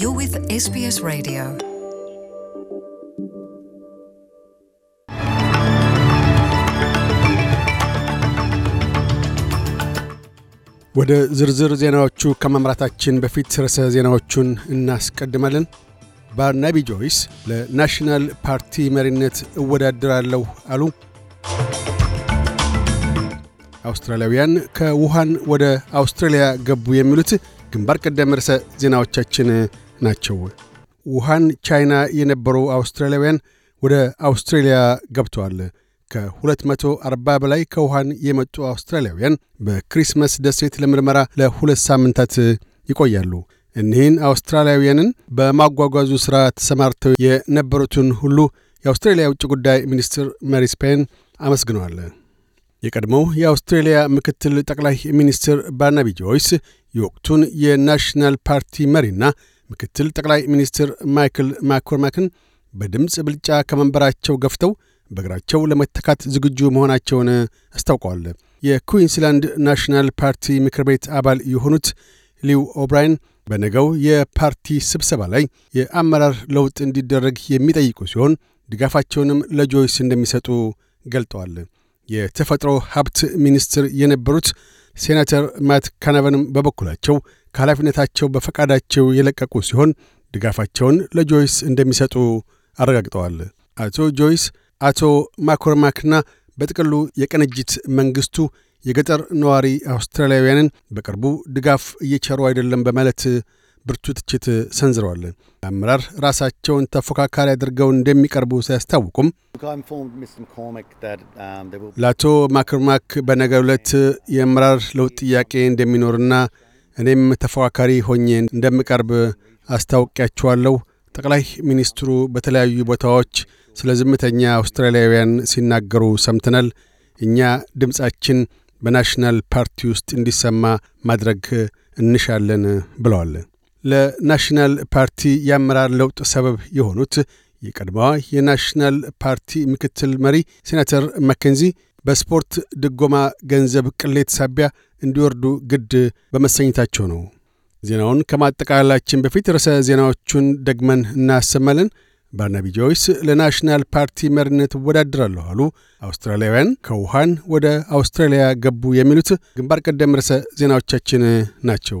You're with SBS Radio. ወደ ዝርዝር ዜናዎቹ ከማምራታችን በፊት ርዕሰ ዜናዎቹን እናስቀድማለን። ባርናቢ ጆይስ ለናሽናል ፓርቲ መሪነት እወዳደራለሁ አሉ። አውስትራሊያውያን ከውሃን ወደ አውስትራሊያ ገቡ። የሚሉት ግንባር ቀደም ርዕሰ ዜናዎቻችን ናቸው። ውሃን ቻይና የነበሩ አውስትራሊያውያን ወደ አውስትሬልያ ገብተዋል። ከ240 በላይ ከውሃን የመጡ አውስትራሊያውያን በክሪስመስ ደሴት ለምርመራ ለሁለት ሳምንታት ይቆያሉ። እኒህን አውስትራሊያውያንን በማጓጓዙ ሥራ ተሰማርተው የነበሩትን ሁሉ የአውስትሬልያ ውጭ ጉዳይ ሚኒስትር መሪ ስፔን አመስግነዋል። የቀድሞው የአውስትሬልያ ምክትል ጠቅላይ ሚኒስትር ባርናቢ ጆይስ የወቅቱን የናሽናል ፓርቲ መሪና ምክትል ጠቅላይ ሚኒስትር ማይክል ማኮርማክን በድምፅ ብልጫ ከመንበራቸው ገፍተው በእግራቸው ለመተካት ዝግጁ መሆናቸውን አስታውቀዋል። የኩዊንስላንድ ናሽናል ፓርቲ ምክር ቤት አባል የሆኑት ሊው ኦብራይን በነገው የፓርቲ ስብሰባ ላይ የአመራር ለውጥ እንዲደረግ የሚጠይቁ ሲሆን ድጋፋቸውንም ለጆይስ እንደሚሰጡ ገልጠዋል። የተፈጥሮ ሀብት ሚኒስትር የነበሩት ሴናተር ማት ካናቨንም በበኩላቸው ከኃላፊነታቸው በፈቃዳቸው የለቀቁ ሲሆን ድጋፋቸውን ለጆይስ እንደሚሰጡ አረጋግጠዋል። አቶ ጆይስ አቶ ማኮርማክና በጥቅሉ የቅንጅት መንግስቱ የገጠር ነዋሪ አውስትራሊያውያንን በቅርቡ ድጋፍ እየቸሩ አይደለም በማለት ብርቱ ትችት ሰንዝረዋል። አመራር ራሳቸውን ተፎካካሪ አድርገው እንደሚቀርቡ ሲያስታውቁም ለአቶ ማክርማክ በነገ ዕለት የአመራር ለውጥ ጥያቄ እንደሚኖርና እኔም ተፎካካሪ ሆኜ እንደምቀርብ አስታውቂያቸዋለሁ። ጠቅላይ ሚኒስትሩ በተለያዩ ቦታዎች ስለ ዝምተኛ አውስትራሊያውያን ሲናገሩ ሰምተናል። እኛ ድምፃችን በናሽናል ፓርቲ ውስጥ እንዲሰማ ማድረግ እንሻለን ብለዋል። ለናሽናል ፓርቲ የአመራር ለውጥ ሰበብ የሆኑት የቀድሞዋ የናሽናል ፓርቲ ምክትል መሪ ሴናተር መኬንዚ በስፖርት ድጎማ ገንዘብ ቅሌት ሳቢያ እንዲወርዱ ግድ በመሰኘታቸው ነው። ዜናውን ከማጠቃላላችን በፊት ርዕሰ ዜናዎቹን ደግመን እናሰማለን። ባርናቢ ጆይስ ለናሽናል ፓርቲ መሪነት እወዳደራለሁ አሉ። አውስትራሊያውያን ከውሃን ወደ አውስትራሊያ ገቡ። የሚሉት ግንባር ቀደም ርዕሰ ዜናዎቻችን ናቸው።